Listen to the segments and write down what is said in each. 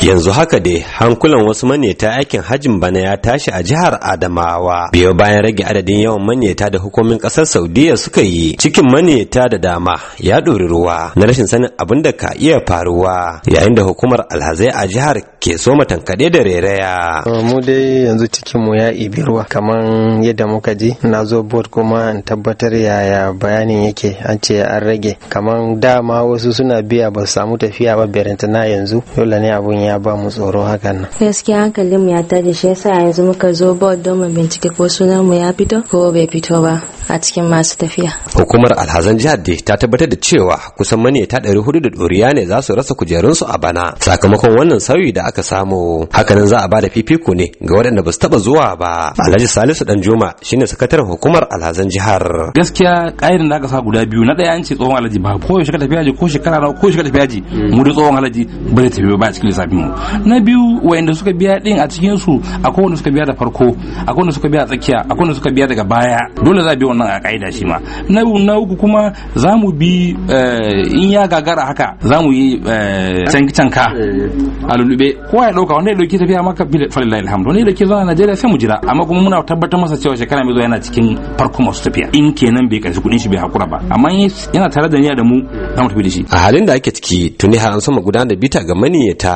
yanzu haka dai hankulan wasu manyata aikin hajjin bana ya tashi a jihar adamawa biyo bayan rage adadin yawan manyata da hukumin kasar saudiya suka yi cikin manyata da dama ya ɗori ruwa na rashin sanin abin da ka iya faruwa yayin da hukumar alhazai a jihar ke so matankaɗe da reraya mu dai yanzu cikin mu ya ibi ruwa kamar yadda muka ji na zo board kuma in tabbatar yaya bayanin yake an ce an rage kaman dama wasu suna biya ba su samu tafiya ba berentana yanzu dole ne abun ya ya ba mu tsoro hakan nan gaskiya hankalin mu ya tashi shi yasa yanzu muka zo board don mu bincike ko sunanmu ya fito ko bai fito ba a cikin masu tafiya. Hukumar alhazan jihar de ta tabbatar da cewa kusan ta ɗari hudu da ɗoriya ne za su rasa kujerunsu a bana sakamakon wannan sauyi da aka samu. Hakanan za a ba da fifiko ne ga waɗanda ba su taɓa zuwa ba. Alhaji Salisu Danjuma ne sakataren hukumar alhazan jihar. Gaskiya ƙa'idan da aka sa guda biyu na ɗaya an ce tsohon alhaji ba ko shekara tafiya ko shekara ko shekara tafiya ji mu da tsohon alhaji ba zai tafi ba a cikin lissafin mu. Na biyu wayanda suka biya ɗin a cikin su akwai wanda suka biya da farko akwai wanda suka biya tsakiya akwai wanda suka biya daga baya dole za a biya wannan a ƙa'ida shi ma na uku kuma za mu bi eh, in ya gagara haka za mu yi eh, canka a lulube kowa ya ɗauka wanda ya ɗauki tafiya maka falilahi alhamdu wanda ya ɗauki zuwa najeriya sai mu jira amma kuma muna tabbatar masa cewa shekara mai zuwa yana cikin farko masu tafiya in kenan bai kashi kuɗin shi bai hakura ba amma yana tare da niyya da mu za mu tafi da shi a halin da ake ciki tuni har an sama gudanar da bita ga maniyyata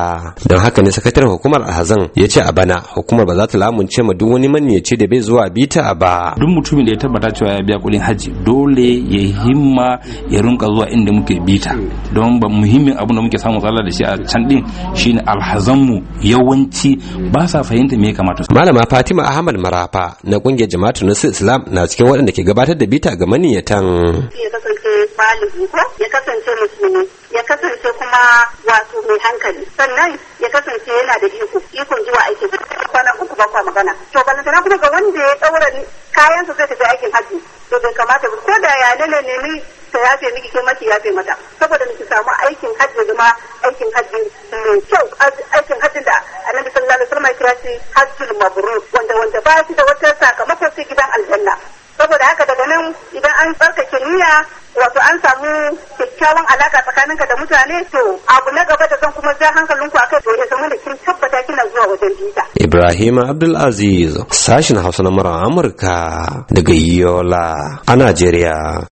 don haka ne sakataren hukumar alhazan ya ce a bana hukumar ba za ta lamunce ma duk wani maniyyaci da bai zuwa bita ba duk mutumin da ya tabbata cewa biya kudin haji dole ya himma ya rinka zuwa inda muke bita don ba muhimmin abin da muke samu tsala da shi a can din shine alhazanmu yawanci ba sa fahimta me kamata malama fatima ahmad marafa na kungiyar jama'atu nasu islam na cikin waɗanda ke gabatar da bita ga maniyatan ya kasance musulmi ya kasance kuma wato mai hankali sannan ya kasance yana da iko ikon zuwa aiki kwana uku ba kwa magana to balantana kuma ga wanda ya daura kayansa zai yafe miki ke ya yafe mata saboda miki samu aikin hajji zama aikin hajji mai kyau aikin hajji da annabi sallallahu alaihi wasallam ya kira shi hajjul mabrur wanda wanda ba shi da wata sakamakon sai gidan aljanna saboda haka daga nan idan an tsarkake niyya wato an samu kyakkyawan alaka tsakaninka da mutane to abu na gaba da zan kuma ja hankalinku akai to ya zama da kin tabbata kina zuwa wajen jita Ibrahim Abdulaziz sashin Hausa na Amurka daga Yola a Najeriya